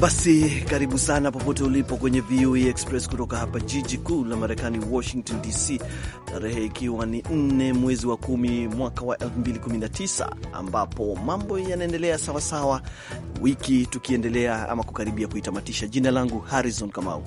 Basi karibu sana popote ulipo kwenye VOA e Express kutoka hapa jiji kuu la Marekani, Washington DC, tarehe ikiwa ni nne mwezi wa kumi mwaka wa 2019 ambapo mambo yanaendelea sawasawa, wiki tukiendelea ama kukaribia kuitamatisha. Jina langu Harrison Kamau.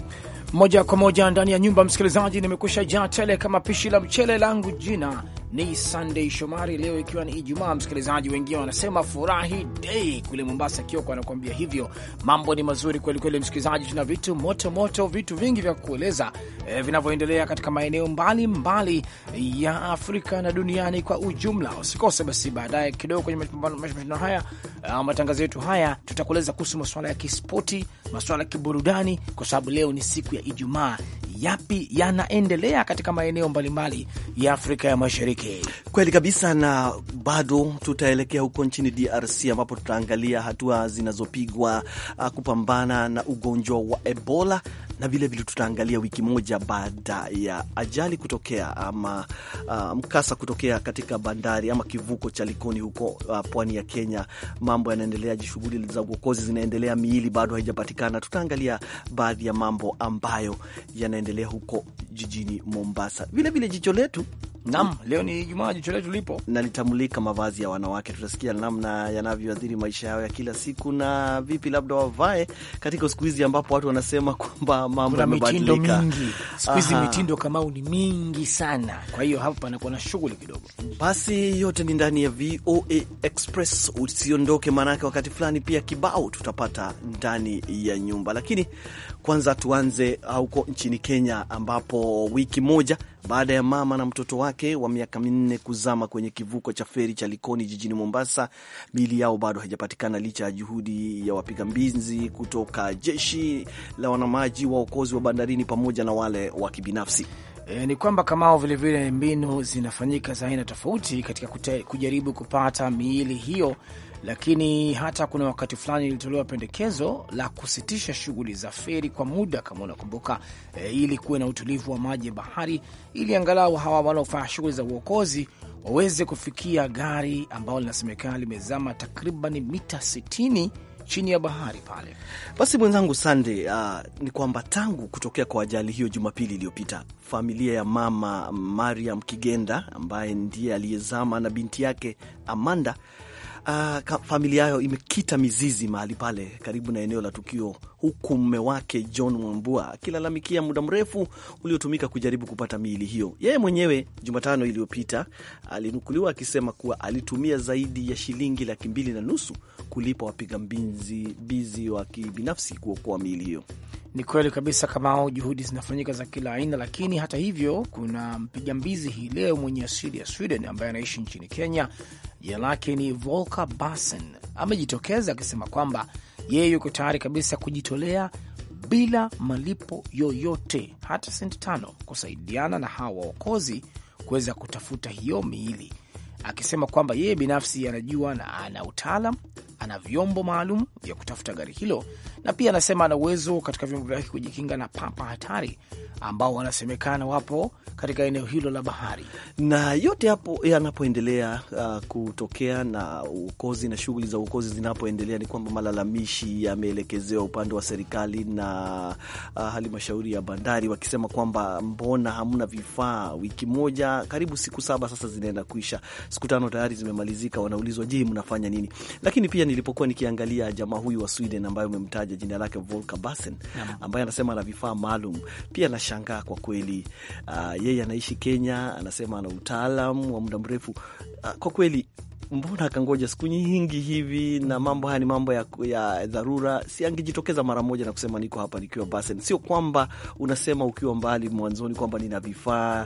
Moja kwa moja ndani ya nyumba, msikilizaji, nimekusha jaa tele kama pishi la mchele langu jina ni Sunday Shomari, leo ikiwa ni Ijumaa. Msikilizaji, wengine wanasema furahi dei kule Mombasa. Kioko anakuambia hivyo, mambo ni mazuri kwelikweli. Msikilizaji, tuna vitu moto moto, vitu vingi vya kueleza e, vinavyoendelea katika maeneo mbalimbali ya Afrika na duniani kwa ujumla. Usikose basi baadaye kidogo kwenye mashindano haya, ah, matangazo yetu haya, tutakueleza kuhusu masuala ya kispoti, masuala ya kiburudani, kwa sababu leo ni siku ya Ijumaa yapi yanaendelea katika maeneo mbalimbali ya Afrika ya Mashariki. Kweli kabisa, na bado tutaelekea huko nchini DRC ambapo tutaangalia hatua zinazopigwa ah, kupambana na ugonjwa wa Ebola na vilevile tutaangalia wiki moja baada ya ajali kutokea ama uh, mkasa kutokea katika bandari ama kivuko cha Likoni huko uh, pwani ya Kenya. Mambo yanaendelea, shughuli za uokozi zinaendelea, miili bado haijapatikana. Tutaangalia baadhi ya mambo ambayo yanaendelea huko jijini Mombasa. Vilevile jicho letu Naam, leo ni Ijumaa, jicho letu lipo na litamulika mavazi ya wanawake. Tutasikia namna yanavyoathiri maisha yao ya kila siku na vipi labda wavae katika siku hizi ambapo watu wanasema kwamba mambo yamebadilika. Siku hizi mitindo Kamau ni mingi sana, kwa hiyo hapa panakuwa na shughuli kidogo. Basi yote ni ndani ya VOA Express, usiondoke, maanake wakati fulani pia kibao tutapata ndani ya nyumba, lakini kwanza tuanze uh, huko nchini Kenya ambapo wiki moja baada ya mama na mtoto wake wa miaka minne kuzama kwenye kivuko cha feri cha Likoni jijini Mombasa. Miili yao bado haijapatikana licha ya juhudi ya wapiga mbizi kutoka jeshi la wanamaji, waokozi wa bandarini pamoja na wale wa kibinafsi. E, ni kwamba kamao vilevile mbinu zinafanyika za aina tofauti katika kute, kujaribu kupata miili hiyo lakini hata kuna wakati fulani ilitolewa pendekezo la kusitisha shughuli za feri kwa muda, kama unakumbuka e, ili kuwe na utulivu wa maji ya bahari, ili angalau hawa wanaofanya shughuli za uokozi waweze kufikia gari ambalo linasemekana limezama takriban mita 60 chini ya bahari pale. Basi mwenzangu Sande, uh, ni kwamba tangu kutokea kwa ajali hiyo Jumapili iliyopita familia ya mama Mariam Kigenda ambaye ndiye aliyezama na binti yake Amanda uh, familia yao imekita mizizi mahali pale karibu na eneo la tukio, huku mme wake John Mwambua akilalamikia muda mrefu uliotumika kujaribu kupata miili hiyo. Yeye mwenyewe Jumatano iliyopita alinukuliwa akisema kuwa alitumia zaidi ya shilingi laki mbili na nusu kulipa wapiga mbizi wa kibinafsi kuokoa miili hiyo. Ni kweli kabisa, Kamao, juhudi zinafanyika za kila aina, lakini hata hivyo, kuna mpiga mbizi hii leo mwenye asili ya Sweden ambaye anaishi nchini Kenya. Jina lake ni Volker Bassen, amejitokeza akisema kwamba yeye yuko tayari kabisa kujitolea bila malipo yoyote, hata senti tano, kusaidiana na hawa waokozi kuweza kutafuta hiyo miili, akisema kwamba yeye binafsi anajua na ana utaalam ana vyombo maalum vya kutafuta gari hilo, na pia anasema ana uwezo katika vyombo vyake kujikinga na papa hatari ambao wanasemekana wapo katika eneo hilo la bahari. Na yote hapo yanapoendelea uh, kutokea na uokozi na shughuli za uokozi zinapoendelea, ni kwamba malalamishi yameelekezewa upande wa serikali na uh, halmashauri ya bandari, wakisema kwamba mbona hamna vifaa? Wiki moja karibu siku saba sasa zinaenda kuisha, siku tano tayari zimemalizika. Wanaulizwa, je, mnafanya nini? Lakini pia nilipokuwa nikiangalia jamaa huyu wa Sweden ambaye umemtaja jina lake Volker Bassen, ambaye anasema ana vifaa maalum pia. Nashangaa kwa kweli. Uh, yeye anaishi Kenya, anasema ana utaalam wa muda mrefu. Uh, kwa kweli mbona akangoja siku nyingi hivi, na mambo haya ni mambo ya, ya dharura, si angejitokeza mara moja na kusema niko hapa nikiwa basen. Sio kwamba unasema ukiwa mbali mwanzoni kwamba nina vifaa.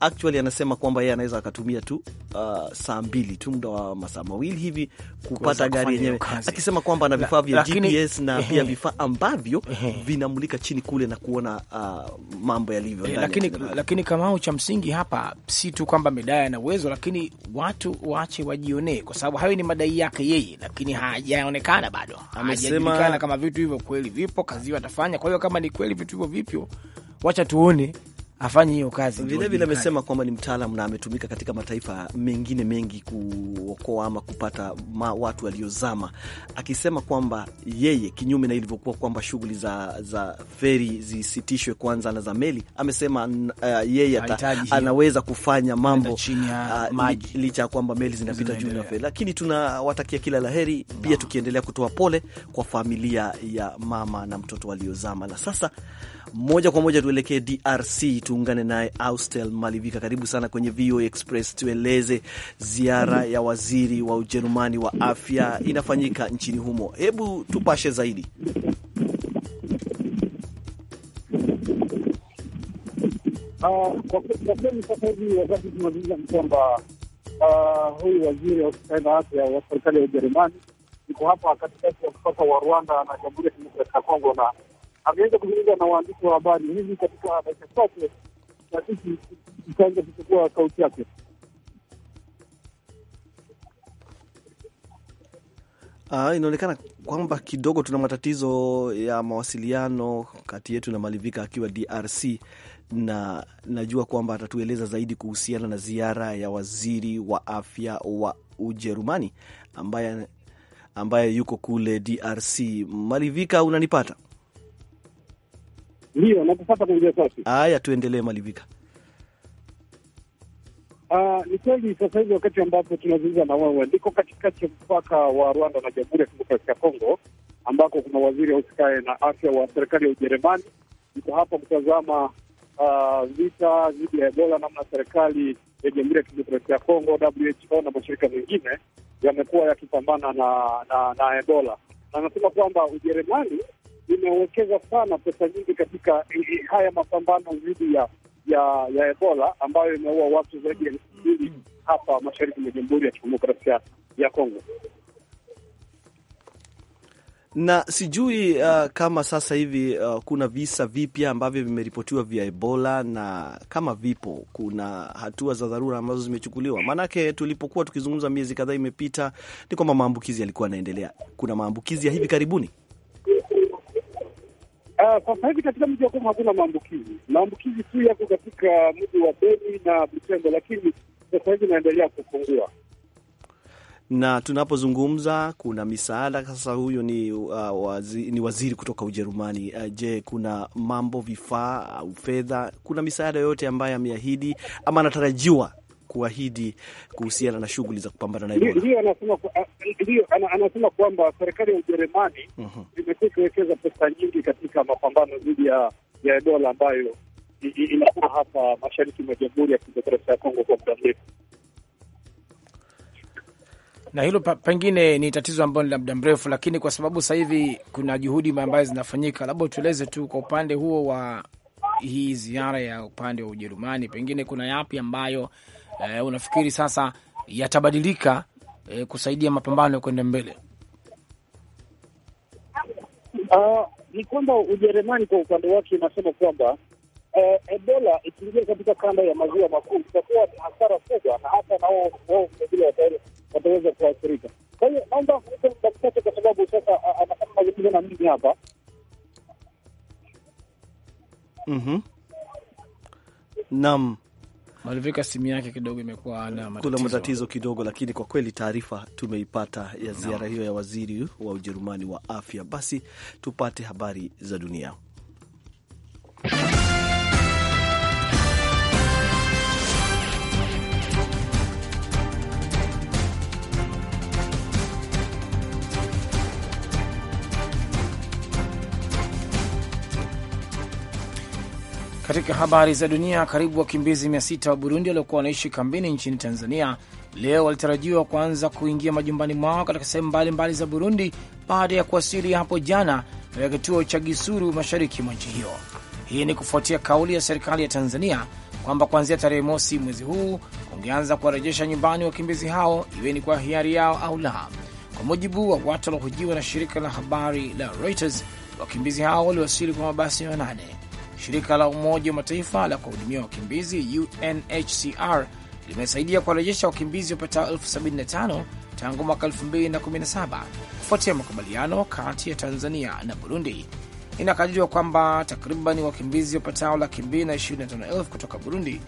Actually anasema kwamba yeye anaweza akatumia tu uh, saa mbili tu, muda wa masaa mawili hivi kupata gari yenyewe, akisema kwamba ana vifaa vya lakini, GPS na pia vifaa ambavyo vinamulika chini kule na kuona uh, mambo yalivyo. Eh, lakini, lakini Kamau, cha msingi hapa si tu kwamba medaya na uwezo, lakini watu waache wa ajionee, kwa sababu hayo ni madai yake yeye, lakini hajaonekana bado, hajajulikana kama vitu hivyo kweli vipo, kazi hiyo atafanya. Kwa hiyo kama ni kweli vitu hivyo vipyo, wacha tuone afanye hiyo kazi. Vilevile amesema kwamba ni mtaalam na ametumika katika mataifa mengine mengi kuokoa ama kupata ma watu waliozama, akisema kwamba yeye, kinyume na ilivyokuwa kwamba shughuli za, za feri zisitishwe kwanza na za meli, amesema uh, yeye anaweza kufanya mambo uh, licha ya kwamba meli zinapita juu na feri. Lakini tunawatakia kila laheri no. Pia tukiendelea kutoa pole kwa familia ya mama na mtoto waliozama na sasa moja kwa moja tuelekee DRC, tuungane naye Austel Malivika. Karibu sana kwenye VOA Express. Tueleze ziara ya waziri wa Ujerumani wa afya inafanyika nchini humo, hebu tupashe zaidi. Ah, kwa kweli sasa hivi wakati tunazungumza ni kwamba ah, huyu waziri wa afya wa serikali ya Ujerumani iko hapa katikati ya mpaka wa Rwanda na Jamhuri ya Kidemokrasia ya Kongo na ameweza kuzungumza na waandishi wa habari hivi katika maisha chache, na sisi tutaanza kuchukua kauti yake. Uh, inaonekana kwamba kidogo tuna matatizo ya mawasiliano kati yetu na Malivika akiwa DRC, na najua kwamba atatueleza zaidi kuhusiana na ziara ya waziri wa afya wa Ujerumani ambaye, ambaye yuko kule DRC. Malivika, unanipata? Ndio, nakupata kwa njia safi. Haya, tuendelee Malivika. Uh, ni kweli sasa hivi wakati ambapo tunazungumza na wewe, ndiko katikati ya mpaka wa Rwanda na Jamhuri ya Kidemokrasia ya Kongo ambako kuna waziri ausikae na afya wa serikali ya Ujerumani. Niko hapa kutazama uh, vita dhidi ya Ebola, namna serikali ya Jamhuri ya Kidemokrasia ya Kongo, WHO na mashirika mengine yamekuwa yakipambana na, na, na Ebola, na anasema kwamba Ujerumani imewekeza sana pesa nyingi katika haya mapambano dhidi ya ya ya Ebola ambayo imeua watu zaidi ya elfu mbili hapa mashariki mwa Jamhuri ya Kidemokrasia ya Kongo. Na sijui uh, kama sasa hivi uh, kuna visa vipya ambavyo vimeripotiwa vya Ebola, na kama vipo, kuna hatua za dharura ambazo zimechukuliwa? Maanake tulipokuwa tukizungumza miezi kadhaa imepita, ni kwamba maambukizi yalikuwa yanaendelea. Kuna maambukizi ya hivi karibuni Uh, kwa sasa hivi katika mji wa Goma hakuna maambukizi. Maambukizi tu yako katika mji wa Beni na Butembo, lakini sasa hivi inaendelea kupungua na tunapozungumza kuna misaada sasa. Huyo ni, uh, wazi, ni waziri kutoka Ujerumani. Uh, je, kuna mambo vifaa au uh, fedha, kuna misaada yoyote ambayo ameahidi ama anatarajiwa kuahidi kuhusiana na shughuli za kupambana na Ebola. Ndio anasema, anasema kwamba serikali ya Ujerumani mhm. imekuwa ikiwekeza pesa nyingi katika mapambano dhidi ya ya Ebola ambayo inakuwa hapa mashariki mwa Jamhuri ya Kidemokrasia ya Kongo kwa muda mrefu na hilo pengine ni tatizo ambalo ni la muda mrefu, lakini kwa sababu sasa hivi kuna juhudi ambazo zinafanyika, labda tueleze tu kwa upande huo wa hii ziara ya upande wa Ujerumani, pengine kuna yapi ambayo eh, unafikiri sasa yatabadilika eh, kusaidia mapambano ya kwenda mbele? Uh, ni kwamba Ujerumani kwa upande wake inasema kwamba eh, Ebola ikiingia katika kanda ya maziwa makuu itakuwa ni hasara kubwa, na hata na wao vilevile wataweza kuathirika. Kwa hiyo naomba kwa sababu sasa ah, ah, anafanya mazungumzo na mimi hapa mm -hmm. Malivika simu yake kidogo imekuwa na matatizo, kuna matatizo kidogo, lakini kwa kweli taarifa tumeipata ya ziara hiyo ya waziri wa Ujerumani wa afya. Basi tupate habari za dunia. Katika habari za dunia, karibu wakimbizi 600 wa Burundi waliokuwa wanaishi kambini nchini Tanzania leo walitarajiwa kuanza kuingia majumbani mwao katika sehemu mbalimbali za Burundi baada ya kuwasili hapo jana katika kituo cha Gisuru, mashariki mwa nchi hiyo. Hii ni kufuatia kauli ya serikali ya Tanzania kwamba kuanzia tarehe mosi mwezi huu kungeanza kuwarejesha nyumbani wakimbizi hao, iwe ni kwa hiari yao au la. Kwa mujibu wa watu waliohojiwa na shirika la habari la Reuters, wakimbizi hao waliwasili kwa mabasi manane. Shirika la Umoja wa Mataifa la kuhudumia wakimbizi UNHCR limesaidia kuwarejesha wakimbizi wapatao elfu 75 tangu mwaka 2017 kufuatia makubaliano kati ya Tanzania na Burundi. Inakadiriwa kwamba takriban wakimbizi wapatao laki mbili na kutoka Burundi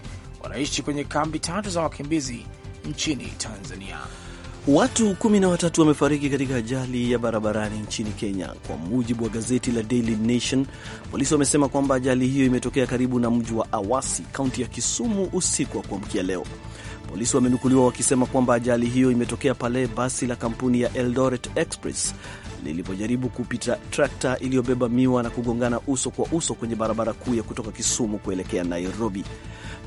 wanaishi kwenye kambi tatu za wakimbizi nchini Tanzania. Watu kumi na watatu wamefariki katika ajali ya barabarani nchini Kenya, kwa mujibu wa gazeti la Daily Nation. Polisi wamesema kwamba ajali hiyo imetokea karibu na mji wa Awasi, kaunti ya Kisumu, usiku wa kuamkia leo. Polisi wamenukuliwa wakisema kwamba ajali hiyo imetokea pale basi la kampuni ya Eldoret Express lilipojaribu kupita trakta iliyobeba miwa na kugongana uso kwa uso kwenye barabara kuu ya kutoka Kisumu kuelekea Nairobi.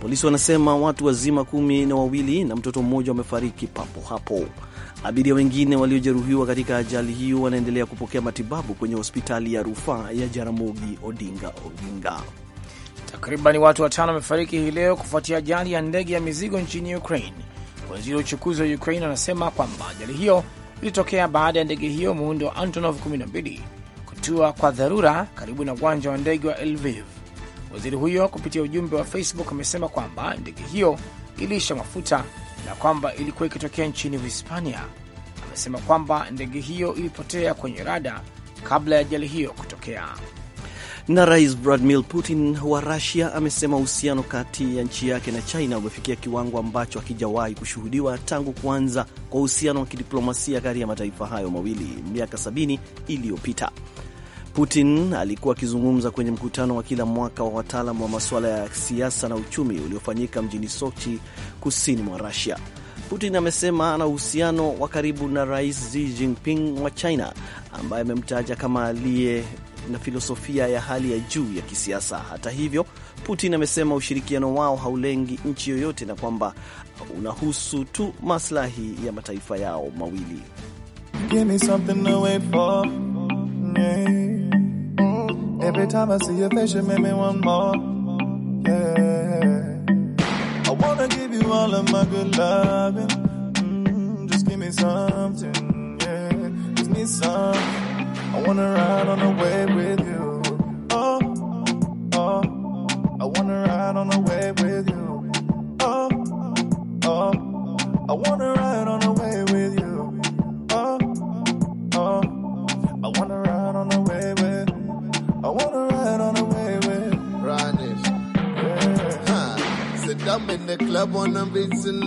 Polisi wanasema watu wazima kumi na wawili na mtoto mmoja wamefariki papo hapo. Abiria wengine waliojeruhiwa katika ajali hiyo wanaendelea kupokea matibabu kwenye hospitali ya rufaa ya Jaramogi Odinga Odinga. Takriban watu watano wamefariki hii leo kufuatia ajali ya ndege ya mizigo nchini Ukraine. Waziri wa uchukuzi wa Ukraine anasema kwamba ajali hiyo ilitokea baada ya ndege hiyo muundo wa Antonov 12 kutua kwa dharura karibu na uwanja wa ndege wa Lviv. Waziri huyo kupitia ujumbe wa Facebook amesema kwamba ndege hiyo iliisha mafuta na kwamba ilikuwa ikitokea nchini Uhispania. Amesema kwamba ndege hiyo ilipotea kwenye rada kabla ya ajali hiyo kutokea. Na Rais Vladimir Putin wa Rusia amesema uhusiano kati ya nchi yake na China umefikia kiwango ambacho hakijawahi kushuhudiwa tangu kuanza kwa uhusiano wa kidiplomasia kati ya mataifa hayo mawili miaka 70 iliyopita. Putin alikuwa akizungumza kwenye mkutano wa kila mwaka wa wataalam wa masuala ya siasa na uchumi uliofanyika mjini Sochi, kusini mwa Rusia. Putin amesema ana uhusiano wa karibu na Rais Xi Jinping wa China ambaye amemtaja kama aliye na filosofia ya hali ya juu ya kisiasa. Hata hivyo, Putin amesema ushirikiano wao haulengi nchi yoyote na kwamba unahusu tu maslahi ya mataifa yao mawili. Give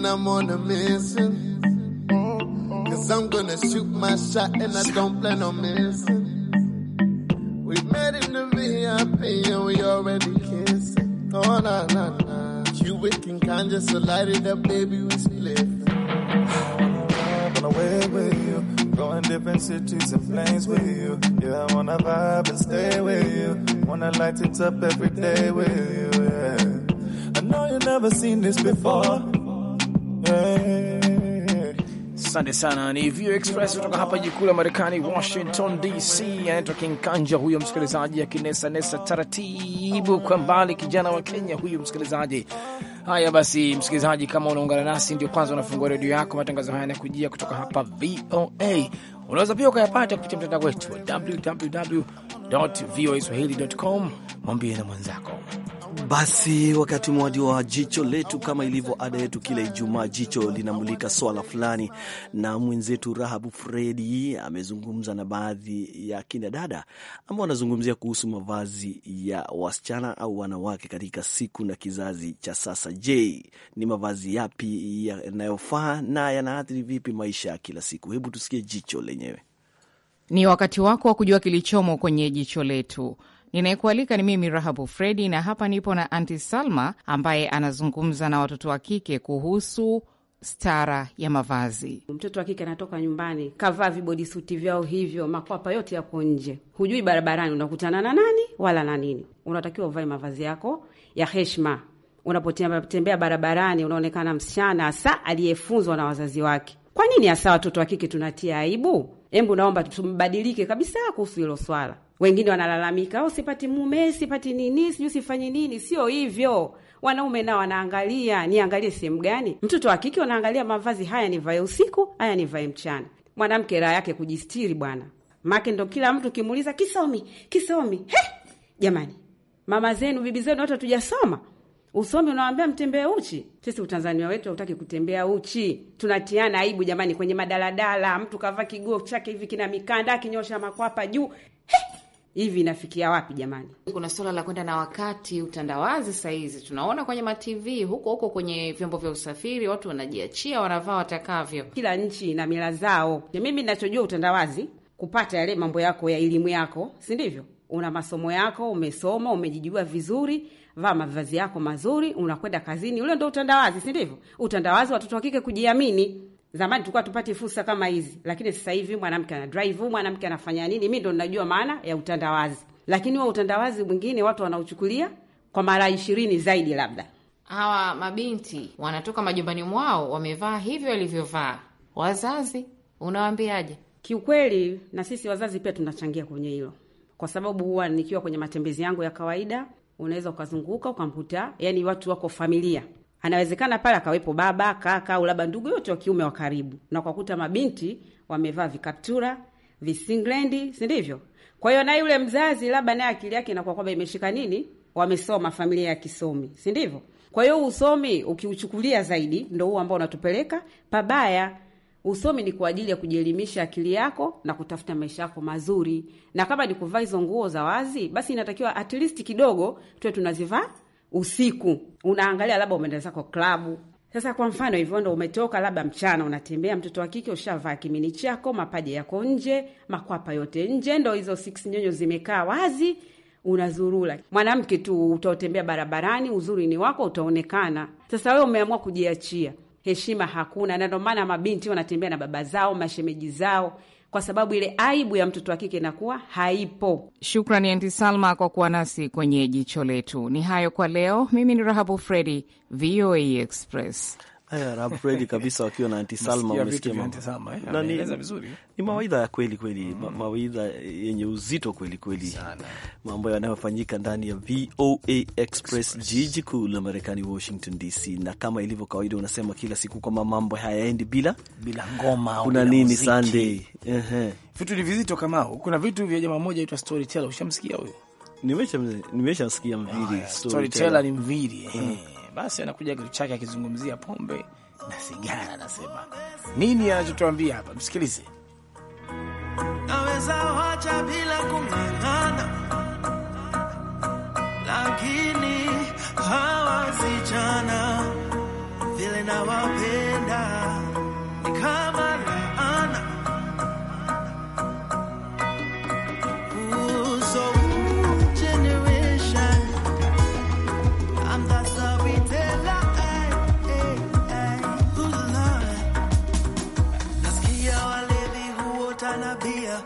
I'm on a mission. Cause I'm gonna shoot my shot and I don't plan on missing. We met in the VIP and we already kissing. Oh, nah, nah, You Cubic can Kanye, so light it up, baby, we split. Wanna away with you, Go in different cities and planes with you. Yeah, I wanna vibe and stay with you. Wanna light it up every day with you. Yeah. I know you never seen this before. Asante sana. Ni View Express kutoka hapa jikuu la Marekani, Washington DC. Anaitwa Kanja huyo msikilizaji, akinesanesa taratibu kwa mbali, kijana wa Kenya huyu msikilizaji. Haya basi, msikilizaji, kama unaungana nasi ndio kwanza unafungua redio yako, matangazo haya yanakujia kutoka hapa VOA. Unaweza pia ukayapata kupitia mtandao wetu wa www voa com. Mwambie na mwenzako basi wakati mwadi wa jicho letu, kama ilivyo ada yetu kila Ijumaa, jicho linamulika swala fulani, na mwenzetu Rahabu Fredi amezungumza na baadhi ya kina dada ambao wanazungumzia kuhusu mavazi ya wasichana au wanawake katika siku na kizazi cha sasa. Je, ni mavazi yapi yanayofaa na yanaathiri vipi maisha ya kila siku? Hebu tusikie jicho lenyewe. Ni wakati wako wa kujua kilichomo kwenye jicho letu. Ninayekualika ni mimi Rahabu Fredi, na hapa nipo na Anti Salma ambaye anazungumza na watoto wa kike kuhusu stara ya mavazi. Mtoto wa kike anatoka nyumbani kavaa vibodisuti vyao hivyo, makwapa yote yako nje, hujui barabarani unakutana na nani wala na nini. Unatakiwa uvae mavazi yako ya heshima. Unapotembea barabarani, unaonekana msichana hasa aliyefunzwa na wazazi wake. Kwa nini hasa watoto wa kike tunatia aibu? Hebu naomba tumbadilike kabisa kuhusu hilo swala. Wengine wanalalamika au oh, sipati mume, sipati nini, sijui sifanyi nini. Sio hivyo, wanaume nao wanaangalia, niangalie sehemu gani. Mtoto wa kike unaangalia mavazi, haya nivae usiku, haya nivae mchana. Mwanamke raha yake kujistiri bwana, make ndo kila mtu kimuuliza kisomi, kisomi. He, jamani, mama zenu, bibi zenu, watu hatujasoma Usome unawambia mtembee uchi. Sisi utanzania wetu hautaki kutembea uchi, tunatiana aibu jamani. Kwenye madaladala mtu kavaa kiguo chake hivi kina mikanda, akinyosha makwapa juu hivi inafikia wapi jamani? Kuna suala la kwenda na wakati, utandawazi. Sahizi tunaona kwenye matv huko huko, kwenye vyombo vya usafiri watu wanajiachia, wanavaa watakavyo. Kila nchi na mila zao. Mimi nachojua utandawazi, kupata yale mambo yako ya elimu yako, si ndivyo? Una masomo yako, umesoma, umejijua vizuri vaa mavazi yako mazuri, unakwenda kazini. Ule ndo utandawazi, si ndivyo? Utandawazi watoto wa kike kujiamini. Zamani tulikuwa tupati fursa kama hizi, lakini sasa hivi mwanamke ana drive, mwanamke anafanya nini, mi ndo najua maana ya utandawazi. Lakini huo utandawazi mwingine watu wanauchukulia kwa mara ishirini zaidi. Labda hawa mabinti wanatoka majumbani mwao wamevaa hivyo walivyovaa, wazazi unawambiaje? Kiukweli na sisi wazazi pia tunachangia kwenye hilo, kwa sababu huwa nikiwa kwenye matembezi yangu ya kawaida unaweza ukazunguka ukamkuta, yani watu wako familia anawezekana pale akawepo baba, kaka au labda ndugu yote wa kiume wa karibu, na ukakuta mabinti wamevaa vikaptura visinglendi, si ndivyo? Kwa hiyo naye yule mzazi labda naye akili yake inakuwa kwamba imeshika nini, wamesoma, familia ya kisomi, si ndivyo? Kwa hiyo usomi ukiuchukulia zaidi, ndo huo ambao unatupeleka pabaya. Usomi ni kwa ajili ya kujielimisha akili yako na kutafuta maisha yako mazuri, na kama ni kuvaa hizo nguo za wazi, basi inatakiwa at least kidogo tuwe tunazivaa usiku. Unaangalia labda umeenda zako klabu sasa kwa mfano hivyo ndo umetoka labda mchana unatembea, mtoto wa kike ushavaa kimini chako, mapaja yako nje, makwapa yote nje, ndo hizo six nyonyo zimekaa wazi, unazurula. Mwanamke tu utaotembea barabarani, uzuri ni wako utaonekana. Sasa wewe umeamua kujiachia heshima hakuna, na ndio maana mabinti wanatembea na baba zao, mashemeji zao, kwa sababu ile aibu ya mtoto wa kike inakuwa haipo. Shukrani Anti Salma kwa kuwa nasi kwenye jicho letu. Ni hayo kwa leo. Mimi ni Rahabu Fredi, VOA Express. Arab eh, Fredi kabisa wakiwa na Anti Salma, umesikia mambo eh, na ni ni mawaidha ya kweli kweli mm. Ma, mawaidha yenye uzito kweli kweli, mambo yanayofanyika ndani ya VOA Express, jiji kuu la Marekani, Washington DC. Na kama ilivyo kawaida, unasema kila siku kwamba mambo hayaendi bila bila ngoma. Kuna nini Sunday? Ehe, vitu ni vizito kama hu. kuna vitu vya jamaa moja aitwa storyteller. Ushamsikia huyo? Nimeshamsikia mviri, storyteller ni mviri. Eh. Mm basi anakuja kitu chake akizungumzia pombe na sigara. Anasema nini? Anachotuambia hapa, msikilize. Naweza wacha bila kung'ang'ana, lakini hawa vijana vile nawapenda Yeah.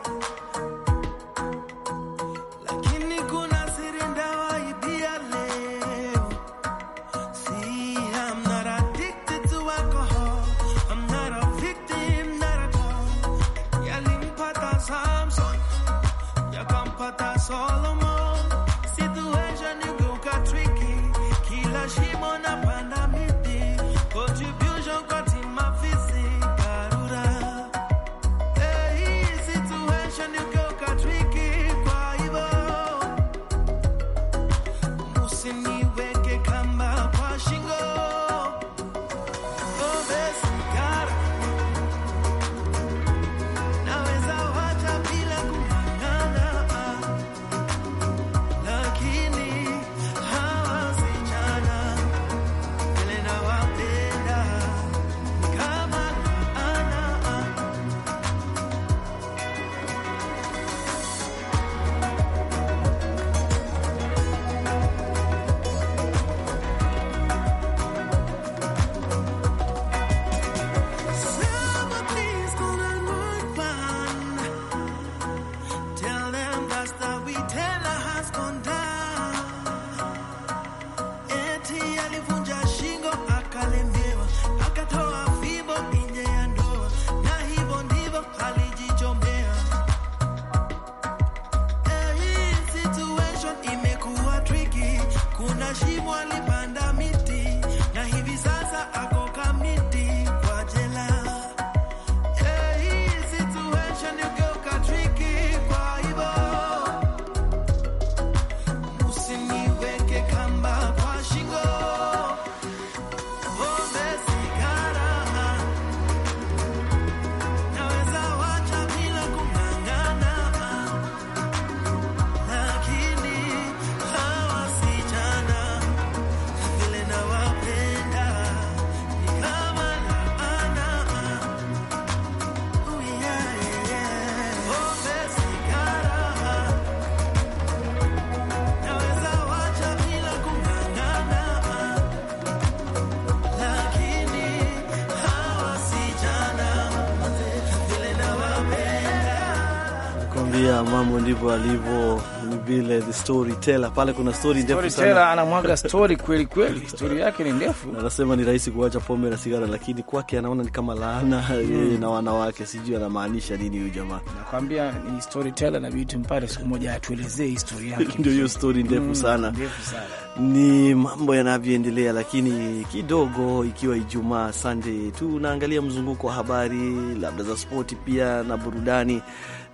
ndivyo alivyo, ni vile the storyteller pale. Kuna story ndefu sana, anamwaga story kweli kweli, story yake ni ndefu. Anasema ni rahisi kuacha pombe na sigara, lakini kwake anaona ni kama laana hmm. yeye na wanawake. Sijui anamaanisha nini huyu jamaa. Nakwambia ni storyteller na vitu, mpate siku moja atuelezee historia yake. Ndio hiyo story hmm, ndefu sana, ndefu sana ni mambo yanavyoendelea, lakini kidogo, ikiwa Ijumaa Sunday, tunaangalia mzunguko wa habari labda za sporti pia na burudani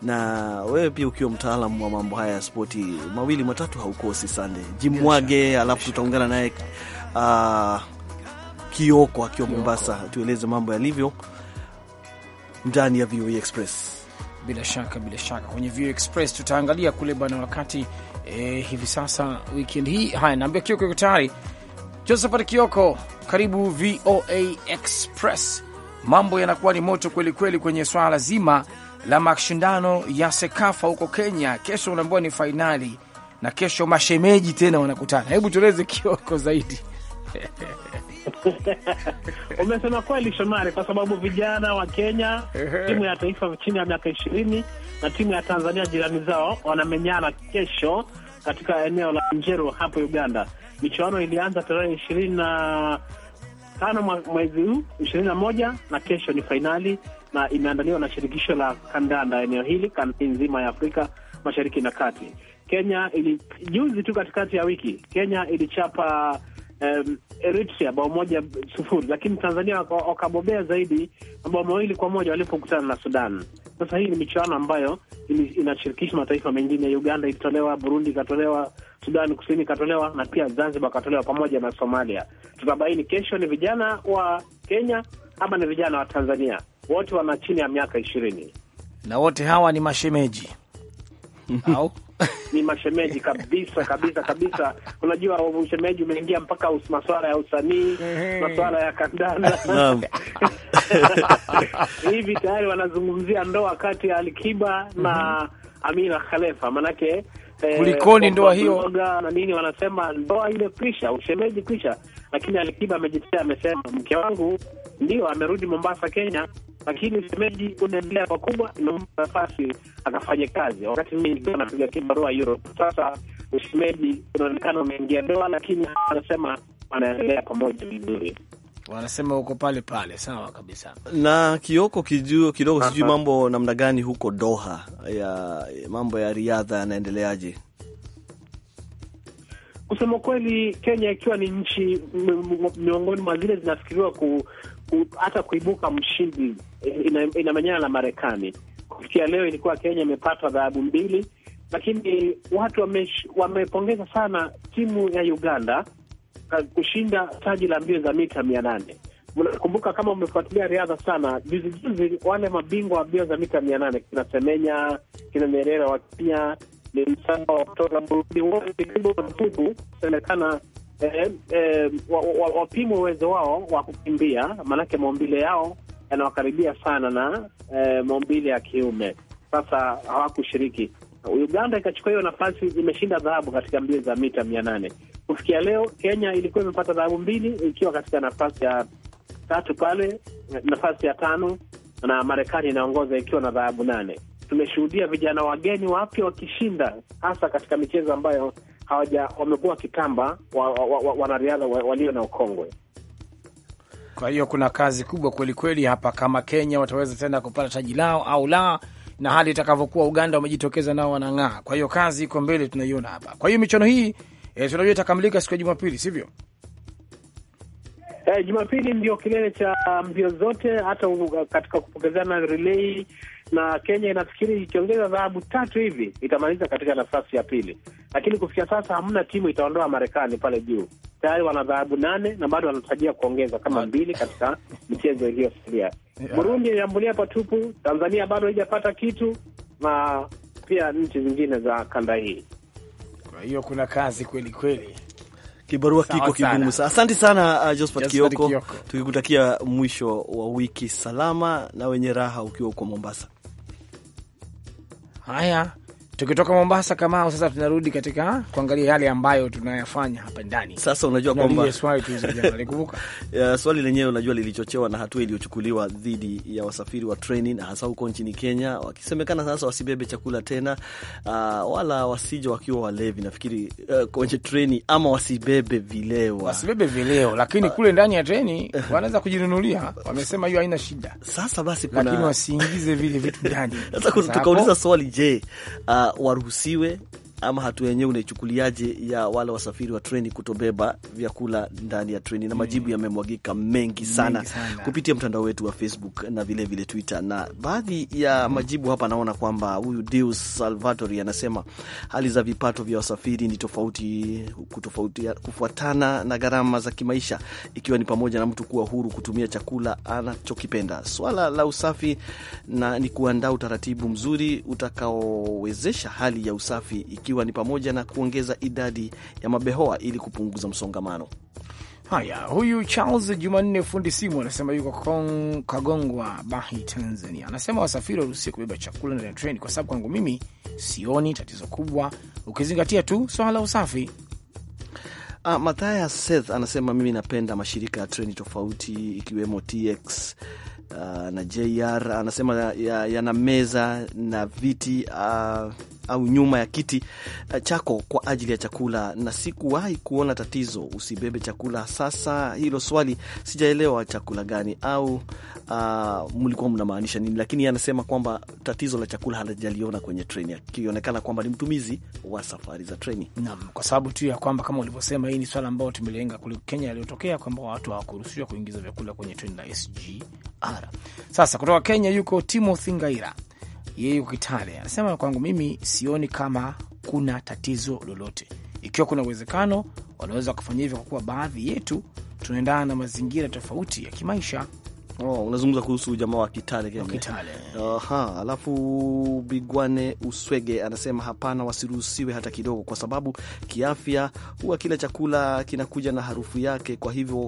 na wewe pia ukiwa mtaalam wa mambo haya ya spoti, mawili matatu haukosi. Sande Jimwage, alafu tutaungana naye uh, Kioko akiwa Mombasa, tueleze mambo yalivyo ndani ya VOA e Express. Bila shaka bila shaka, kwenye VOA e Express tutaangalia kule bwana, wakati eh, hivi sasa weekend hii. Haya, naambia Kioko yuko tayari. Josephat Kioko, karibu VOA Express. Mambo yanakuwa ni moto kwelikweli kwenye swala zima la mashindano ya Sekafa huko Kenya. Kesho unaambiwa ni fainali, na kesho mashemeji tena wanakutana. Hebu tueleze Kioko zaidi. Umesema kweli Shomari, kwa sababu vijana wa Kenya, timu ya taifa chini ya miaka ishirini na timu ya Tanzania jirani zao wanamenyana kesho katika eneo la Njeru hapo Uganda. Michuano ilianza tarehe ishirini na tano mwezi huu ishirini na moja na kesho ni fainali na imeandaliwa na shirikisho la kandanda eneo hili nzima ya Afrika Mashariki na Kati. Kenya ili juzi tu katikati ya wiki Kenya ilichapa um, Eritrea bao moja sufuri, lakini Tanzania wakabobea zaidi mabao mawili kwa moja walipokutana na Sudan. Sasa hii ni michuano ambayo inashirikisha mataifa mengine. Uganda ilitolewa, Burundi ikatolewa, Sudani Kusini ikatolewa na pia Zanzibar ikatolewa pamoja na Somalia. Tutabaini kesho ni vijana wa Kenya ama ni vijana wa Tanzania wote wana chini ya miaka ishirini na wote hawa ni mashemeji au ni mashemeji kabisa kabisa kabisa. Unajua, ushemeji umeingia mpaka maswala ya usanii, masuala ya kandanda hivi tayari wanazungumzia ndoa kati ya Alikiba na mhm. Amina Khalefa, manake eh, kulikoni ndoa hiyo na nini, wanasema ndoa ile kwisha, ushemeji kwisha. Lakini Alikiba amejitetea, amesema mke wangu ndio amerudi Mombasa, Kenya, lakini semeji unaendelea pakubwa, inampa nafasi akafanye kazi, wakati mimi nikiwa napiga kibarua Europe. Sasa usemeji unaonekana umeingia doa, lakini anasema anaendelea pamoja vizuri wanasema huko pale pale, sawa kabisa. Na Kioko kijuo kidogo, sijui mambo namna gani huko Doha, ya mambo ya riadha yanaendeleaje? Kusema kweli, Kenya ikiwa ni nchi miongoni mwa zile zinafikiriwa hata kuibuka mshindi eh, inamenyana na Marekani. Kufikia leo ilikuwa Kenya imepatwa dhahabu mbili, lakini watu wame, wamepongeza sana timu ya Uganda kushinda taji la mbio za mita mia nane. Mnakumbuka kama umefuatilia riadha sana, juzi juzi wale mabingwa wa mbio za mita mia nane kina Semenya kina Nyerere wa Kenya ni wa kutoka Burundi, wote karibu elfu semekana eh, eh, wapimwe wa, wa uwezo wao wa kukimbia, maanake maumbile yao yanawakaribia sana na eh, maumbile ya kiume. Sasa hawakushiriki. Uganda ikachukua hiyo nafasi, imeshinda dhahabu katika mbio za mita mia nane. Kufikia leo, Kenya ilikuwa imepata dhahabu mbili, ikiwa katika nafasi ya tatu pale, nafasi ya tano, na Marekani inaongoza ikiwa na dhahabu nane. Tumeshuhudia vijana wageni wapya wakishinda, hasa katika michezo ambayo hawaja wamekuwa wakitamba wanariadha wa, wa, wa, wa, walio na ukongwe. Kwa hiyo kuna kazi kubwa kweli kweli hapa, kama Kenya wataweza tena kupata taji lao au la, na hali itakavyokuwa. Uganda wamejitokeza nao wanang'aa, kwa hiyo kazi iko mbele, tunaiona hapa. Kwa hiyo michuano hii e, tunajua itakamilika siku ya Jumapili, sivyo? Eh, Jumapili ndio kilele cha mbio zote, hata katika kupokezana relay na Kenya inafikiri ikiongeza dhahabu tatu hivi itamaliza katika nafasi ya pili, lakini kufikia sasa hamna timu itaondoa Marekani pale juu. Tayari wana dhahabu nane na bado wanatarajia kuongeza kama mbili katika michezo iliyosalia. Burundi iambulia patupu, Tanzania bado haijapata kitu, na pia nchi zingine za kanda hii. Kwa hiyo kuna kazi kweli kweli. Kibarua kiko kigumu sana. Asante sana uh, Josephat Kioko, tukikutakia mwisho wa wiki salama na wenye raha ukiwa huko Mombasa. Haya, Tukitoka Mombasa kamao, sasa tunarudi katika kuangalia yale ambayo tunayafanya hapa ndani. Sasa unajua kwamba swali yeah, swali lenyewe unajua lilichochewa na hatua iliyochukuliwa dhidi ya wasafiri wa treni na hasa huko nchini Kenya, wakisemekana sasa wasibebe chakula tena, uh, wala wasije wakiwa walevi. Nafikiri uh, kwenye treni ama wasibebe vileo, wasibebe vileo, lakini uh, kule ndani ya treni wanaweza kujinunulia, wamesema hiyo haina shida. Sasa basi kuna... lakini wasiingize vile vitu ndani. Sasa tukauliza swali, je, uh, waruhusiwe ama hatua yenyewe unaichukuliaje ya wale wasafiri wa treni kutobeba vyakula ndani ya treni? Na hmm. majibu yamemwagika mengi mengi sana kupitia mtandao wetu wa Facebook na vilevile vile Twitter, na baadhi ya hmm. majibu hapa naona kwamba huyu Deus Salvatori anasema hali za vipato vya wasafiri ni tofauti kutofautia, kufuatana na gharama za kimaisha, ikiwa ni pamoja na mtu kuwa huru kutumia chakula anachokipenda. Swala la usafi na ni kuandaa utaratibu mzuri utakaowezesha hali ya usafi ikiwa ni pamoja na kuongeza idadi ya mabehoa ili kupunguza msongamano. Haya, huyu Charles Jumanne fundi simu anasema yuko Kagongwa Bahi, Tanzania. Anasema wasafiri waruhusiwe kubeba chakula ndani ya treni, kwa sababu kwangu mimi sioni tatizo kubwa, ukizingatia tu swala la usafi. Ah, Mathaya Seth anasema mimi napenda mashirika ya treni tofauti ikiwemo TX uh, ah, na JR. Anasema yana ya meza na viti uh, au nyuma ya kiti eh, chako kwa ajili ya chakula, na sikuwahi kuona tatizo. Usibebe chakula. Sasa hilo swali sijaelewa chakula gani au uh, mlikuwa mnamaanisha nini? Lakini anasema kwamba tatizo la chakula halijaliona kwenye treni, akionekana kwamba ni mtumizi wa safari za treni. Naam, kwa sababu tu ya kwamba kama ulivyosema, hii ni swala ambayo tumelenga kule Kenya yaliyotokea kwamba watu hawakuruhusiwa kuingiza vyakula kwenye treni la SGR. Sasa kutoka Kenya yuko Timothy Ngaira yeye yuko Kitale, anasema kwangu mimi sioni kama kuna tatizo lolote. Ikiwa kuna uwezekano, wanaweza wakafanya hivyo, kwa kuwa baadhi yetu tunaendana na mazingira tofauti ya kimaisha. Oh, unazungumza kuhusu jamaa wa Kitale Kenya. Kitale. Aha, alafu Bigwane Uswege anasema hapana, wasiruhusiwe hata kidogo, kwa sababu kiafya huwa kila chakula kinakuja na harufu yake. Kwa hivyo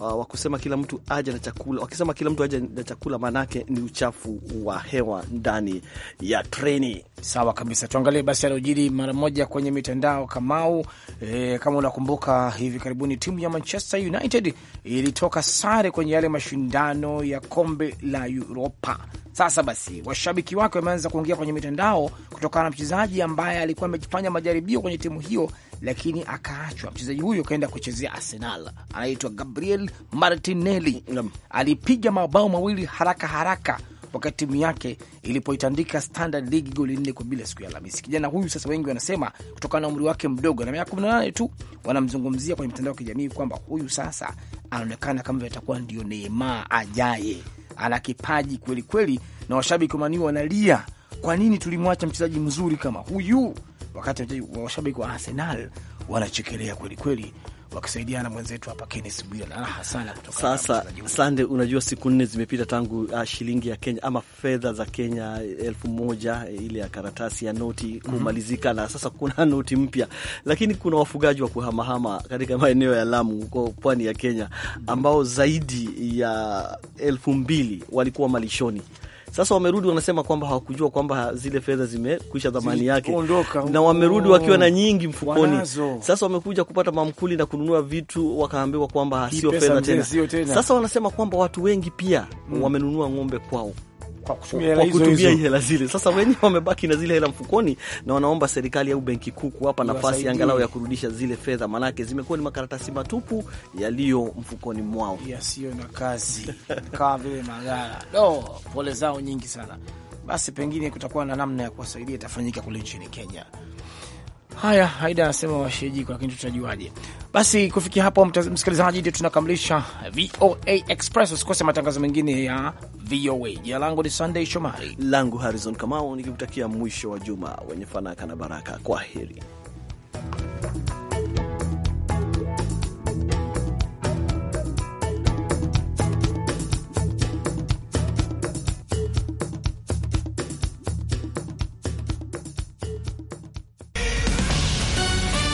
uh, wakusema kila mtu aje na chakula, wakisema kila mtu aje na chakula, maanake ni uchafu wa hewa ndani ya treni. Sawa kabisa, tuangalie basi aliojiri mara moja kwenye mitandao Kamau. E, kama unakumbuka hivi karibuni timu ya Manchester United ilitoka sare kwenye yale mashindano ya kombe la Uropa. Sasa basi, washabiki wake wameanza kuongea kwenye mitandao kutokana na mchezaji ambaye alikuwa amefanya majaribio kwenye timu hiyo, lakini akaachwa. Mchezaji huyo kaenda kuchezea Arsenal, anaitwa Gabriel Martinelli. Alipiga mabao mawili haraka haraka wakati timu yake ilipoitandika Standard League goli nne kwa bila siku ya Alhamisi. Kijana huyu sasa, wengi wanasema kutokana na umri wake mdogo na miaka 18 tu, wanamzungumzia kwenye mitandao ya kijamii kwamba huyu sasa anaonekana kama vile atakuwa ndio Neymar ajaye. Ana kipaji kweli kweli, na washabiki wa Man wanalia, kwa nini tulimwacha mchezaji mzuri kama huyu? Wakati washabiki wa Arsenal wanachekelea kweli kweli wakisaidiana na mwenzetu hapa Kenes Bwire. Raha sana kutoka sasa. Sande, unajua siku nne zimepita tangu uh, shilingi ya Kenya ama fedha za Kenya elfu moja eh, ile ya karatasi ya noti mhm. kumalizika, mm -hmm. na sasa kuna noti mpya, lakini kuna wafugaji wa kuhamahama katika maeneo ya Lamu huko pwani ya Kenya mhm. ambao zaidi ya elfu mbili walikuwa malishoni sasa wamerudi wanasema kwamba hawakujua kwamba zile fedha zimekwisha thamani yake na wamerudi wakiwa na nyingi mfukoni Sasa wamekuja kupata mamkuli na kununua vitu wakaambiwa kwamba sio fedha tena. Sasa wanasema kwamba watu wengi pia mm, wamenunua ng'ombe kwao kwa kutumia hela zile. Sasa wenyewe wamebaki na zile hela mfukoni na wanaomba serikali au benki kuu kuwapa nafasi angalau ya kurudisha zile fedha, maanake zimekuwa ni makaratasi matupu yaliyo mfukoni mwao yasiyo na kazi kama vile magara. No, pole zao nyingi sana. Basi pengine kutakuwa na namna ya kuwasaidia itafanyika kule nchini Kenya. Haya, Haida anasema washejiko, lakini tutajuaje? Basi kufikia hapo, msikilizaji, ndio tunakamilisha VOA Express. Usikose matangazo mengine ya VOA. Jina langu ni Sunday Shomari, langu Harrison Kamau, nikikutakia mwisho wa juma wenye fanaka na baraka. Kwa heri.